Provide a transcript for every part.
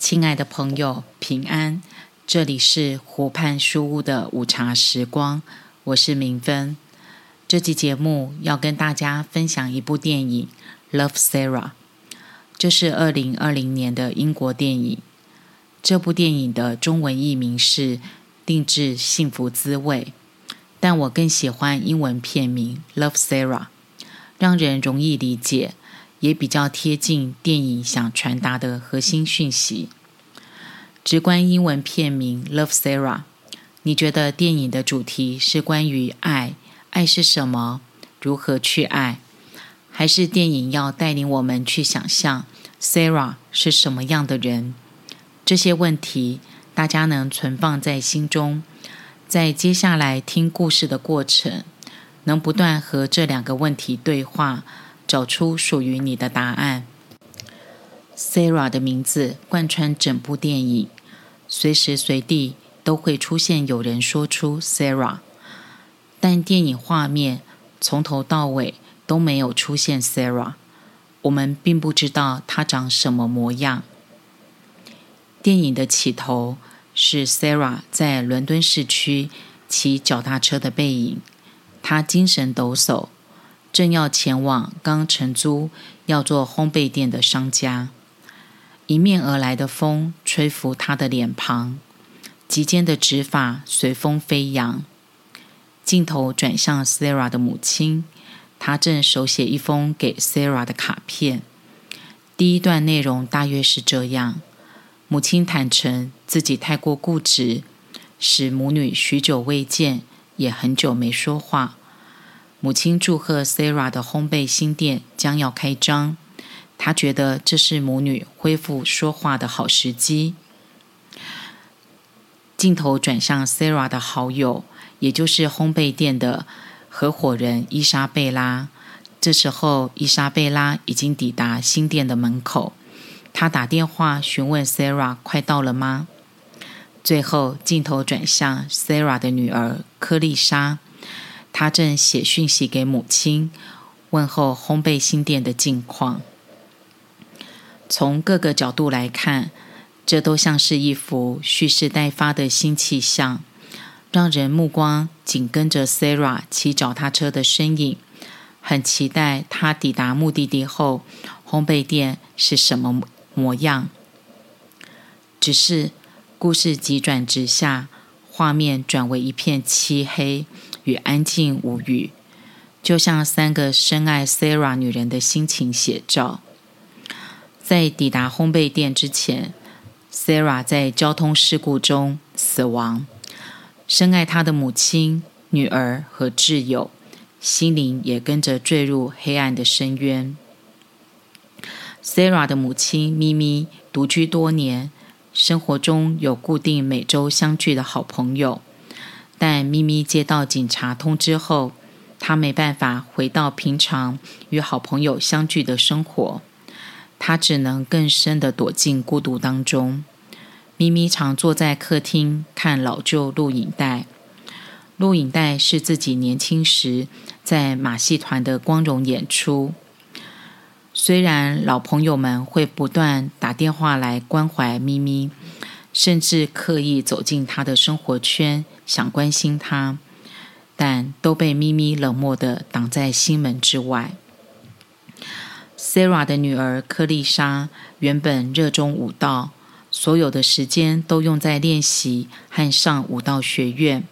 親愛的朋友，平安！這裡是湖畔書屋的午茶時光，我是明芬。這期節目要跟大家分享一部電影《Love Sarah》，這是二零二零年的英國電影。這部電影的中文譯名是《定制幸福滋味》，但我更喜歡英文片名《Love Sarah》，讓人容易理解。也比較貼近電影想傳達的核心訊息。直觀英文片名《Love Sarah》，你覺得電影的主題是關於愛？愛是什麼？如何去愛？還是電影要帶領我們去想象 Sarah 是什麼樣的人？這些問題大家能存放在心中，在接下來聽故事的過程，能不斷和這兩個問題對話。找出屬於你的答案。Sarah 的名字貫穿整部電影，隨時隨地都會出現有人說出 Sarah，但電影畫面從頭到尾都沒有出現 Sarah。我們並不知道她長什麼模樣。電影的起頭是 Sarah 在倫敦市區騎腳踏車的背影，她精神抖擻。正要前往剛承租要做烘焙店的商家，迎面而來的風吹拂她的臉龐，及肩的直髮隨風飛揚。鏡頭轉向 Sarah 的母親，她正手寫一封給 Sarah 的卡片。第一段內容大約是這樣：母親坦承自己太過固執，使母女許久未見，也很久沒說話。母親祝賀 Sarah 的烘焙新店將要開張，她覺得這是母女恢復說話的好時機。鏡頭轉向 Sarah 的好友，也就是烘焙店的合夥人伊莎貝拉。這時候，伊莎貝拉已經抵達新店的門口，她打電話詢問 Sarah 快到了嗎？最後，鏡頭轉向 Sarah 的女兒柯麗莎。他正寫訊息給母親，問候烘焙新店的近況。從各個角度來看，這都像是一幅蓄勢待發的新氣象，讓人目光緊跟着 Sarah 騎腳踏車的身影，很期待她抵達目的地後，烘焙店是什麼模樣。只是故事急轉直下，畫面轉為一片漆黑。與安靜無語，就像三個深愛 Sarah 女人的心情寫照。在抵達烘焙店之前，Sarah 在交通事故中死亡。深愛她的母親、女兒和摯友，心靈也跟着墜入黑暗的深淵。Sarah 的母親咪咪獨居多年，生活中有固定每週相聚的好朋友。但咪咪接到警察通知後，她沒辦法回到平常與好朋友相聚的生活，她只能更深地躲進孤獨當中。咪咪常坐在客廳看老舊錄影帶，錄影帶是自己年輕時在馬戲團的光榮演出。雖然老朋友們會不斷打電話來關懷咪咪。甚至刻意走進他的生活圈，想關心他，但都被咪咪冷漠的擋在心門之外。Sarah 的女兒柯麗莎原本熱衷舞蹈，所有的時間都用在練習和上舞蹈學院。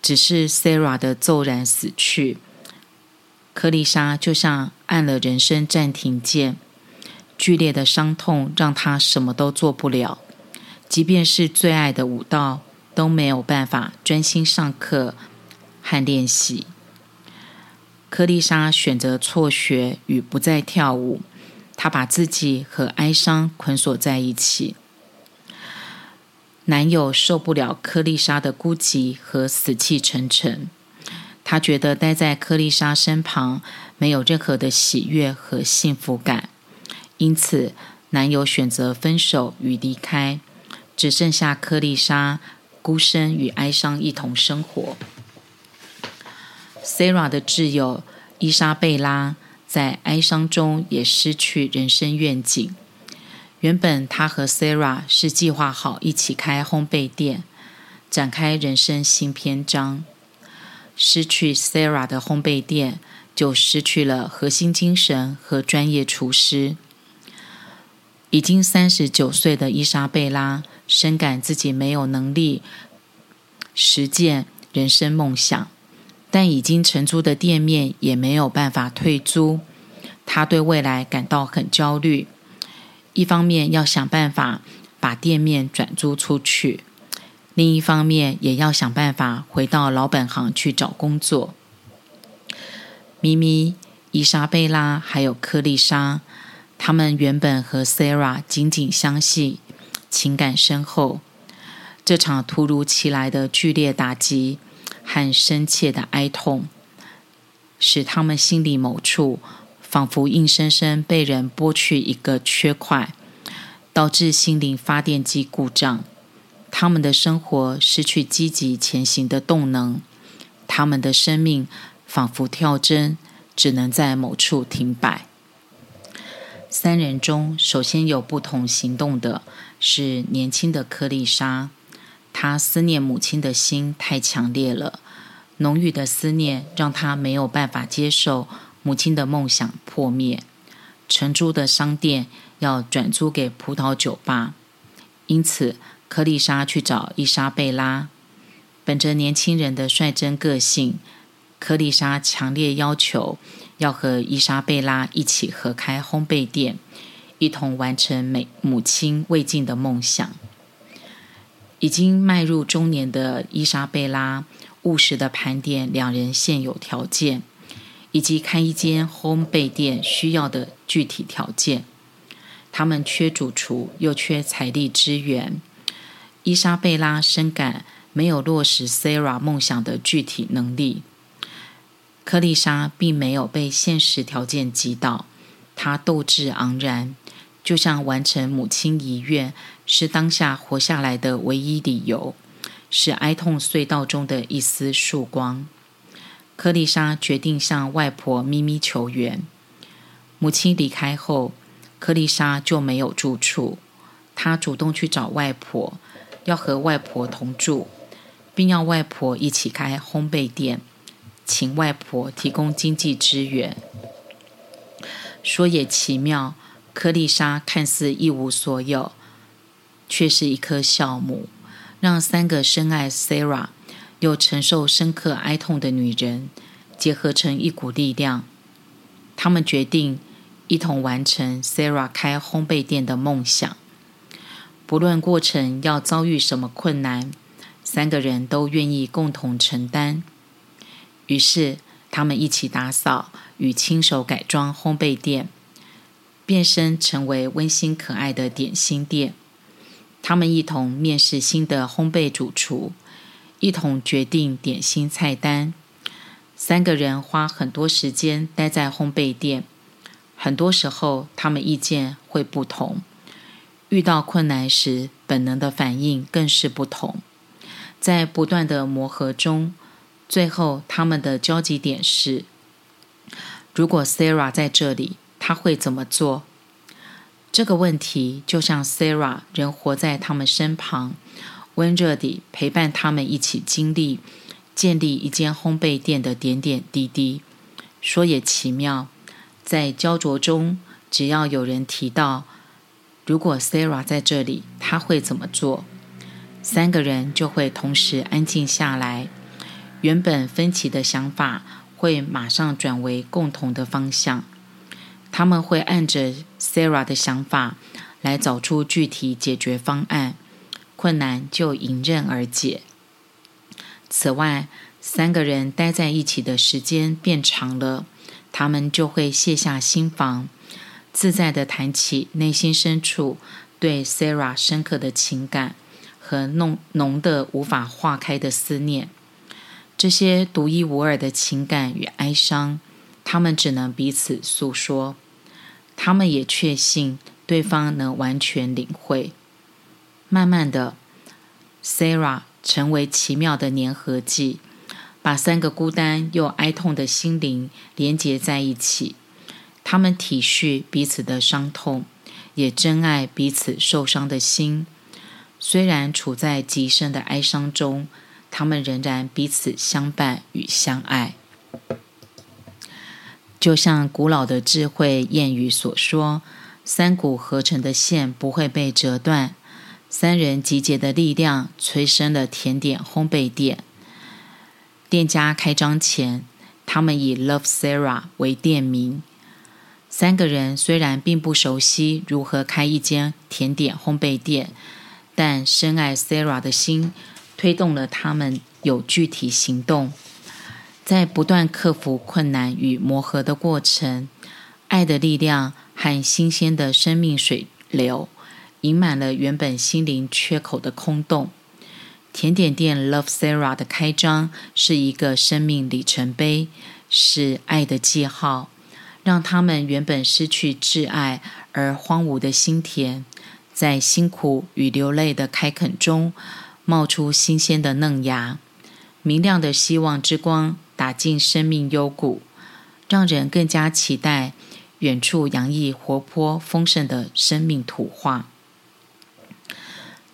只是 Sarah 的驟然死去，柯麗莎就像按了人生暫停鍵，劇烈的傷痛讓她什麼都做不了。即便是最愛的舞蹈，都沒有辦法專心上課和練習。柯麗莎選擇輟學與不再跳舞，她把自己和哀傷捆鎖在一起。男友受不了柯麗莎的孤寂和死氣沉沉，他覺得待在柯麗莎身旁沒有任何的喜悅和幸福感，因此男友選擇分手與離開。只剩下克麗莎孤身與哀傷一同生活。Sarah 的摯友伊莎貝拉在哀傷中也失去人生願景。原本她和 Sarah 是計劃好一起開烘焙店，展開人生新篇章。失去 Sarah 的烘焙店，就失去了核心精神和專業廚師。已經三十九歲的伊莎貝拉深感自己沒有能力實踐人生夢想，但已經承租的店面也沒有辦法退租，她對未來感到很焦慮。一方面要想辦法把店面轉租出去，另一方面也要想辦法回到老本行去找工作。咪咪、伊莎貝拉還有克麗莎。他們原本和 Sarah 緊緊相繫，情感深厚。這場突如其來的劇烈打擊和深切的哀痛，使他們心裡某處仿佛硬生生被人剝去一個缺塊，導致心靈發電機故障。他們的生活失去積極前行的動能，他們的生命仿佛跳針，只能在某處停擺。三人中，首先有不同行動的是年輕的柯麗莎。她思念母親的心太強烈了，濃郁的思念讓她沒有辦法接受母親的夢想破滅。承租的商店要轉租給葡萄酒吧，因此柯麗莎去找伊莎貝拉。本着年輕人的率真個性，柯麗莎強烈要求。要和伊莎貝拉一起合開烘焙店，一同完成母母親未盡的夢想。已經邁入中年的伊莎貝拉，務實的盤點兩人現有條件，以及開一間烘焙店需要的具體條件。他們缺主廚，又缺財力資源。伊莎貝拉深感沒有落實 Sarah 夢想的具體能力。柯麗莎並沒有被現實條件擊倒，她鬥志昂然，就像完成母親遺願是當下活下來的唯一理由，是哀痛隧道中的一絲曙光。柯麗莎決定向外婆咪咪求援。母親離開後，柯麗莎就沒有住處，她主動去找外婆，要和外婆同住，並要外婆一起開烘焙店。請外婆提供經濟支援。說也奇妙，科麗莎看似一無所有，卻是一顆酵母，讓三個深愛 Sarah 又承受深刻哀痛的女人結合成一股力量。他們決定一同完成 Sarah 開烘焙店的夢想。不論過程要遭遇什麼困難，三個人都願意共同承擔。於是，他們一起打掃與親手改裝烘焙店，變身成為溫馨可愛的點心店。他們一同面試新的烘焙主廚，一同決定點心菜單。三個人花很多時間待在烘焙店，很多時候他們意見會不同，遇到困難時，本能的反應更是不同。在不斷的磨合中，最後，他們的交集點是：如果 Sarah 在這裡，她會怎麼做？這個問題就像 Sarah 人活在他們身旁，溫熱地陪伴他們一起經歷建立一間烘焙店的點點滴滴。說也奇妙，在焦灼中，只要有人提到如果 Sarah 在這裡，她會怎麼做，三個人就會同時安靜下來。原本分歧的想法會馬上轉為共同的方向，他們會按着 Sarah 的想法來找出具體解決方案，困難就迎刃而解。此外，三個人待在一起的時間變長了，他們就會卸下心防，自在地談起內心深處對 Sarah 深刻的情感和濃濃得無法化開的思念。這些獨一無二的情感與哀傷，他們只能彼此訴說。他們也確信對方能完全領會。慢慢的，Sarah 成為奇妙的粘合劑，把三個孤單又哀痛的心靈連接在一起。他們體恤彼此的傷痛，也珍愛彼此受傷的心。雖然處在極深的哀傷中。他們仍然彼此相伴與相愛，就像古老的智慧諺語所說：“三股合成的線不會被折斷。”三人集結的力量催生了甜點烘焙店。店家開張前，他們以 Love Sarah 為店名。三個人雖然並不熟悉如何開一間甜點烘焙店，但深愛 Sarah 的心。推動了他們有具體行動，在不斷克服困難與磨合的過程，愛的力量和新鮮的生命水流，盈滿了原本心靈缺口的空洞。甜點店 Love Sarah 的開張是一個生命里程碑，是愛的記號，讓他們原本失去摯愛而荒蕪的心田，在辛苦與流淚的開墾中。冒出新鮮的嫩芽，明亮的希望之光打進生命幽谷，讓人更加期待遠處洋溢活潑豐盛的生命圖畫。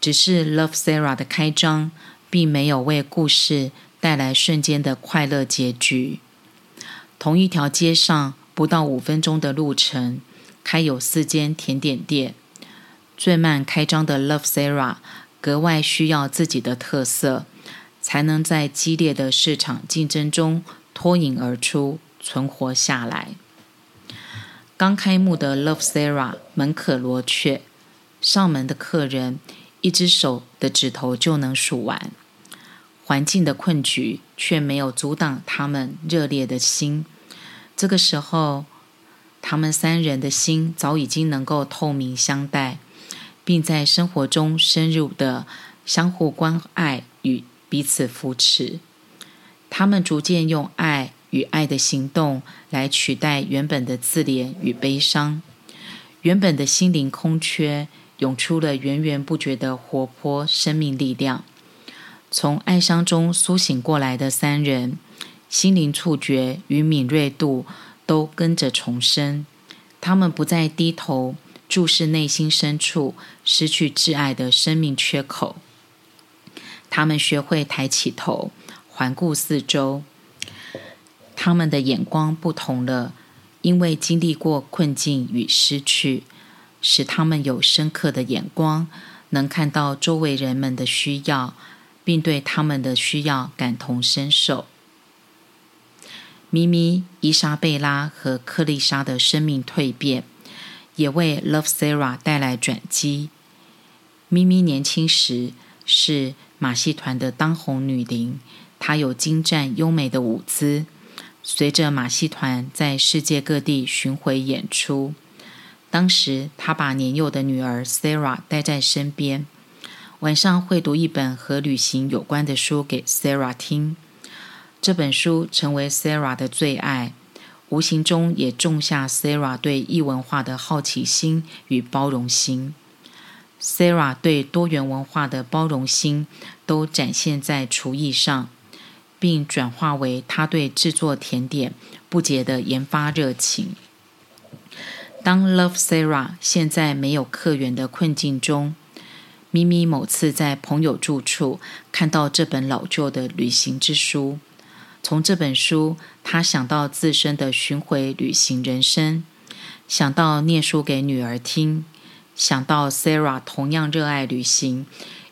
只是 Love Sarah 的開張，並沒有為故事帶來瞬間的快樂結局。同一條街上，不到五分鐘的路程，開有四間甜點店，最慢開張的 Love Sarah。格外需要自己的特色，才能在激烈的市場競爭中脫穎而出，存活下來。剛開幕的 Love Sarah 門可羅雀，上門的客人一隻手的指頭就能數完。環境的困局卻沒有阻擋他們熱烈的心。這個時候，他們三人的心早已經能夠透明相待。並在生活中深入的相互關愛與彼此扶持，他們逐漸用愛與愛的行動來取代原本的自憐與悲傷，原本的心靈空缺湧出了源源不絕的活潑生命力量。從哀傷中甦醒過來的三人，心靈觸覺與敏銳度都跟着重生，他們不再低頭。注視內心深處失去摯愛的生命缺口，他們學會抬起頭，環顧四周。他們的眼光不同了，因為經歷過困境與失去，使他們有深刻的眼光，能看到周圍人們的需要，並對他們的需要感同身受。咪咪、伊莎貝拉和克麗莎的生命蛻變，也為 Love Sarah 帶來轉機。咪咪年輕時是馬戲團的當紅女伶，她有精湛優美的舞姿。隨着馬戲團在世界各地巡迴演出，當時她把年幼的女兒 Sarah 帶在身邊，晚上會讀一本和旅行有關的書給 Sarah 聽。這本書成為 Sarah 的最愛。無形中也種下 Sarah 對異文化的好奇心與包容心。Sarah 對多元文化的包容心都展現在廚藝上，並轉化為她對製作甜點不竭的研發熱情。當 Love Sarah 陷在沒有客源的困境中，咪咪某次在朋友住處看到這本老舊的旅行之書，從這本書。他想到自身的巡迴旅行人生，想到念書給女兒聽，想到 Sarah 同樣熱愛旅行，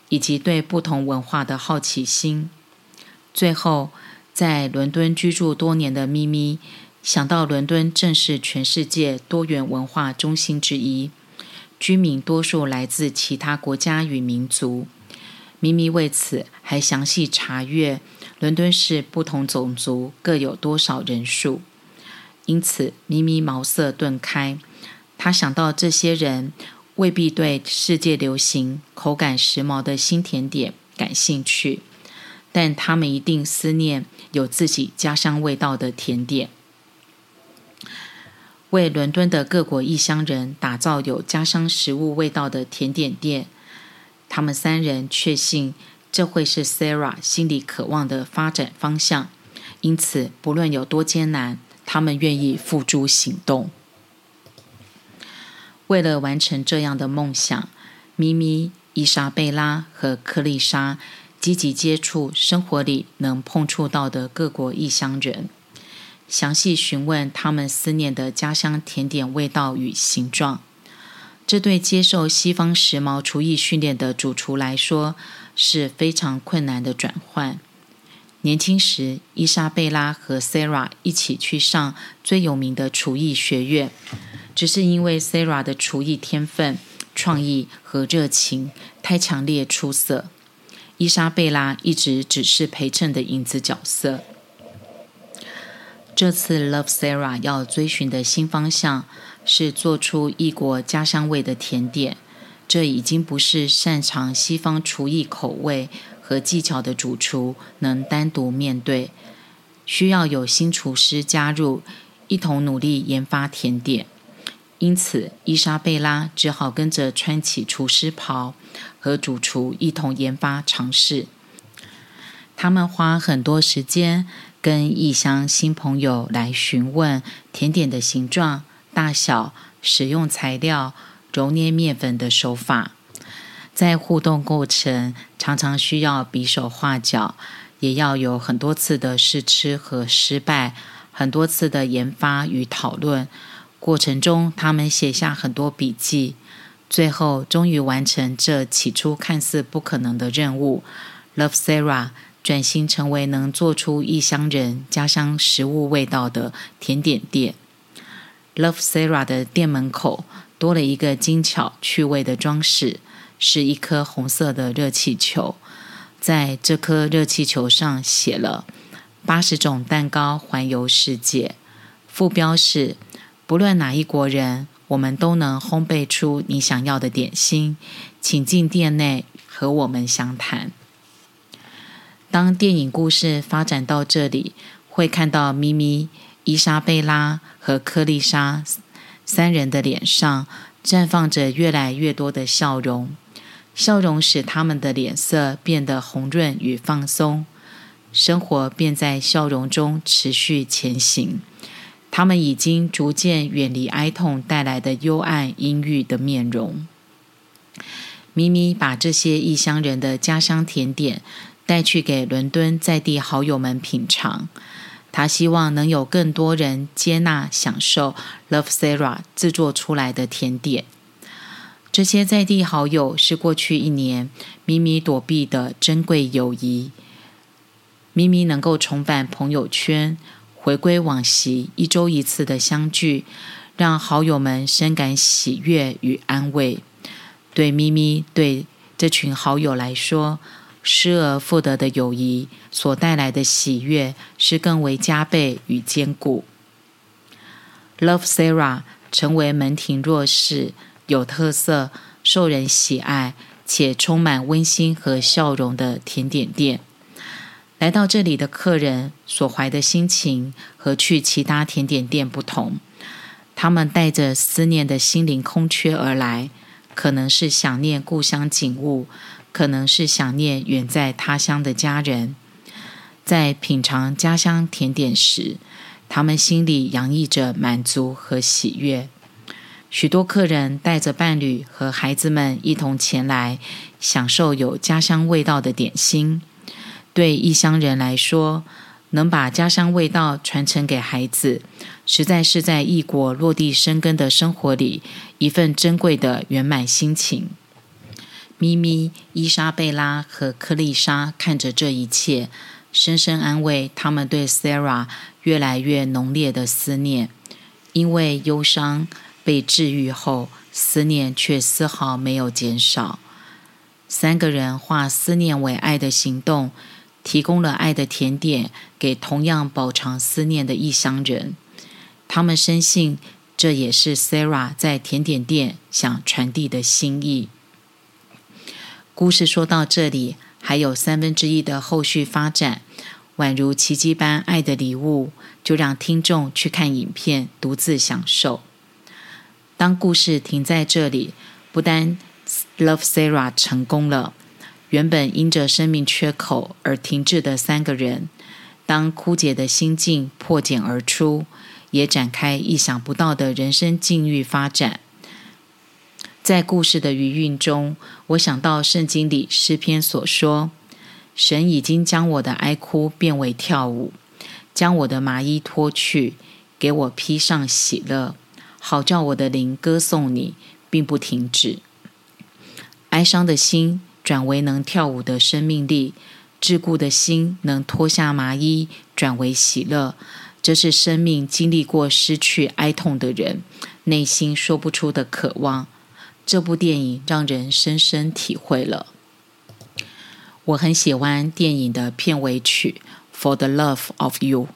以及對不同文化的好奇心。最後，在倫敦居住多年的咪咪想到，倫敦正是全世界多元文化中心之一，居民多數來自其他國家與民族。咪咪為此還詳細查閱。倫敦市不同種族各有多少人數？因此，咪咪茅塞頓開，他想到這些人未必對世界流行、口感時髦的新甜點感興趣，但他們一定思念有自己家鄉味道的甜點。為倫敦的各國異鄉人打造有家鄉食物味道的甜點店，他們三人確信，這會是 Sarah 心裡渴望的發展方向，因此不論有多艱難，他們願意付諸行動。為了完成這樣的夢想，咪咪、伊莎貝拉和克麗莎積極接觸生活裡能碰觸到的各國異鄉人，詳細詢問他們思念的家鄉甜點味道與形狀。這對接受西方時髦廚藝訓練的主廚來說，是非常困難的轉換。年輕時，伊莎貝拉和 Sarah 一起去上最有名的廚藝學院，只是因為 Sarah 的廚藝天分、創意和熱情太強烈出色。伊莎貝拉一直只是陪襯的影子角色。這次 Love Sarah 要追尋的新方向是做出異國家鄉味的甜點。這已經不是擅長西方廚藝、口味和技巧的主廚能單獨面對，需要有新廚師加入，一同努力研發甜點。因此，伊莎貝拉只好跟着穿起廚師袍，和主廚一同研發嘗試。他們花很多時間跟異鄉新朋友來詢問甜點的形狀、大小、使用材料。揉捏麵粉的手法，在互動過程常常需要比手畫腳，也要有很多次的試吃和失敗，很多次的研發與討論過程中，他們寫下很多筆記，最後終於完成這起初看似不可能的任務。Love Sarah 轉型成為能做出異鄉人家鄉食物味道的甜點店。Love Sarah 的店門口。多了一個精巧趣味的裝飾，是一顆紅色的熱氣球。在這顆熱氣球上寫了“八十種蛋糕環遊世界”。副標是：“不論哪一國人，我們都能烘焙出你想要的點心，請進店內和我們詳談。”當電影故事發展到這裡，會看到咪咪、伊莎貝拉和克麗莎。三人的臉上綻放着越來越多的笑容，笑容使他們的臉色變得紅潤與放鬆，生活便在笑容中持續前行。他們已經逐漸遠離哀痛帶來的幽暗陰鬱的面容。咪咪把這些異鄉人的家鄉甜點帶去給倫敦在地好友們品嘗。他希望能有更多人接納、享受 Love Sarah 製作出來的甜點。這些在地好友是過去一年咪咪躲避的珍貴友誼。咪咪能夠重返朋友圈，回歸往昔一周一次的相聚，讓好友們深感喜悅與安慰。對咪咪，對這群好友來說，失而復得的友誼所帶來的喜悅是更為加倍與堅固。Love Sarah 成為門庭若市、有特色、受人喜愛且充滿溫馨和笑容的甜點店。來到這裡的客人所懷的心情和去其他甜點店不同，他們帶着思念的心靈空缺而來，可能是想念故鄉景物。可能是想念遠在他鄉的家人，在品嘗家鄉甜點時，他們心裡洋溢着滿足和喜悅。許多客人帶着伴侶和孩子們一同前來，享受有家鄉味道的點心。對異鄉人來說，能把家鄉味道傳承給孩子，實在是在異國落地生根的生活裡，一份珍貴的圓滿心情。咪咪、伊莎貝拉和克麗莎看着這一切，深深安慰他們對 Sarah 越來越濃烈的思念。因為憂傷被治愈後，思念卻絲毫沒有減少。三個人化思念為愛的行動，提供了愛的甜點給同樣飽嘗思念的異鄉人。他們深信，這也是 Sarah 在甜點店想傳遞的心意。故事說到這裡，還有三分之一的後續發展，宛如奇蹟般愛的禮物，就讓聽眾去看影片，獨自享受。當故事停在這裡，不但 Love Sarah 成功了，原本因着生命缺口而停滯的三個人，當枯竭的心境破繭而出，也展開意想不到的人生境遇發展。在故事的餘韻中，我想到聖經裡詩篇所說：“神已經將我的哀哭變為跳舞，將我的麻衣脫去，給我披上喜樂，好叫我的靈歌頌你，並不停止。”哀傷的心轉為能跳舞的生命力，桎梏的心能脫下麻衣，轉為喜樂，這是生命經歷過失去哀痛的人內心說不出的渴望。這部電影讓人深深體會了。我很喜歡電影的片尾曲《For the Love of You》，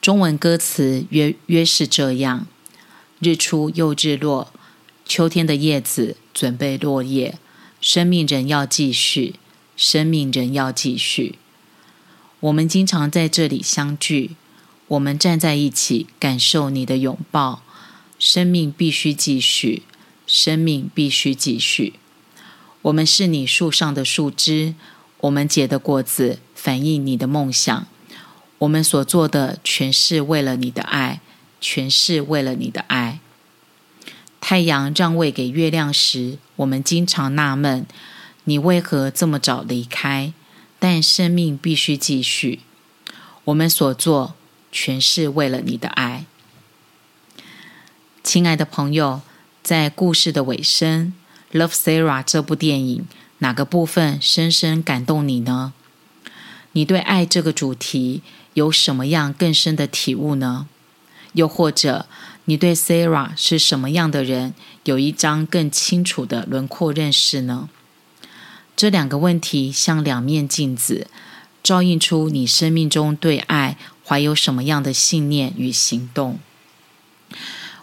中文歌詞約約是這樣：日出又日落，秋天的葉子準備落葉，生命仍要繼續，生命仍要繼續。我們經常在這裡相聚，我們站在一起，感受你的擁抱。生命必須繼續。生命必須繼續。我們是你樹上的樹枝，我們結的果子反映你的夢想。我們所做的全是為了你的愛，全是為了你的愛。太陽讓位給月亮時，我們經常納悶，你為何這麼早離開？但生命必須繼續。我們所做全是為了你的愛，親愛的朋友。在故事的尾聲，《Love Sarah》這部電影哪個部分深深感動你呢？你對愛這個主題有什麼樣更深的體悟呢？又或者，你對 Sarah 是什麼樣的人，有一張更清楚的輪廓認識呢？這兩個問題像兩面鏡子，照映出你生命中對愛懷有什麼樣的信念與行動。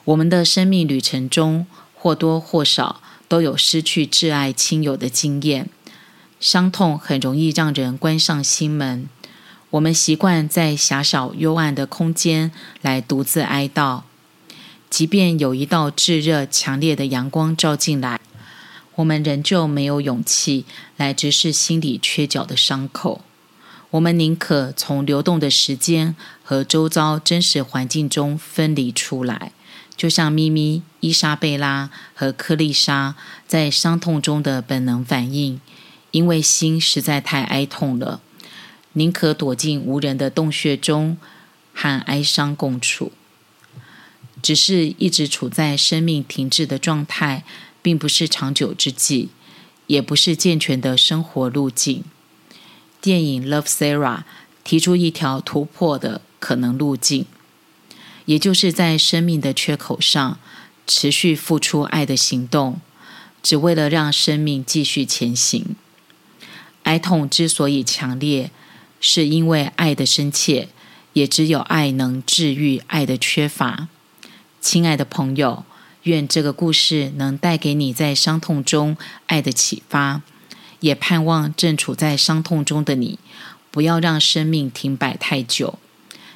我們的生命旅程中，或多或少都有失去摯愛親友的經驗，傷痛很容易讓人關上心門。我們習慣在狹小幽暗的空間來獨自哀悼，即便有一道炙熱強烈的陽光照進來，我們仍舊沒有勇氣來直視心裡缺角的傷口。我們寧可從流動的時間和周遭真實環境中分離出來。就像咪咪、伊莎貝拉和克莉莎在傷痛中的本能反應，因為心實在太哀痛了，寧可躲進無人的洞穴中，和哀傷共處。只是一直處在生命停滯的狀態，並不是長久之計，也不是健全的生活路徑。電影《Love Sarah》提出一條突破的可能路徑。也就是在生命的缺口上持續付出愛的行動，只為了讓生命繼續前行。哀痛之所以強烈，是因為愛的深切，也只有愛能治癒愛的缺乏。親愛的朋友，願這個故事能帶給你在傷痛中愛的啟發，也盼望正處在傷痛中的你，不要讓生命停擺太久。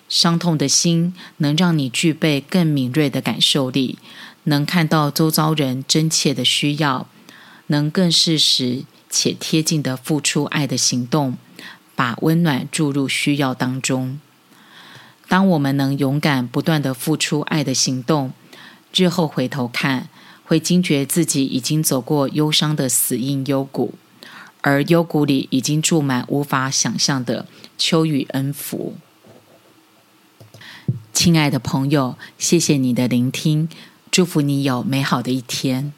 傷痛的心能讓你具備更敏銳的感受力，能看到周遭人真切的需要，能更適時且貼近的付出愛的行動，把溫暖注入需要當中。當我們能勇敢不斷的付出愛的行動，日後回頭看，會驚覺自己已經走過憂傷的死蔭幽谷，而幽谷裡已經住滿無法想象的秋雨恩福。親愛的朋友，謝謝你的聆聽，祝福你有美好的一天。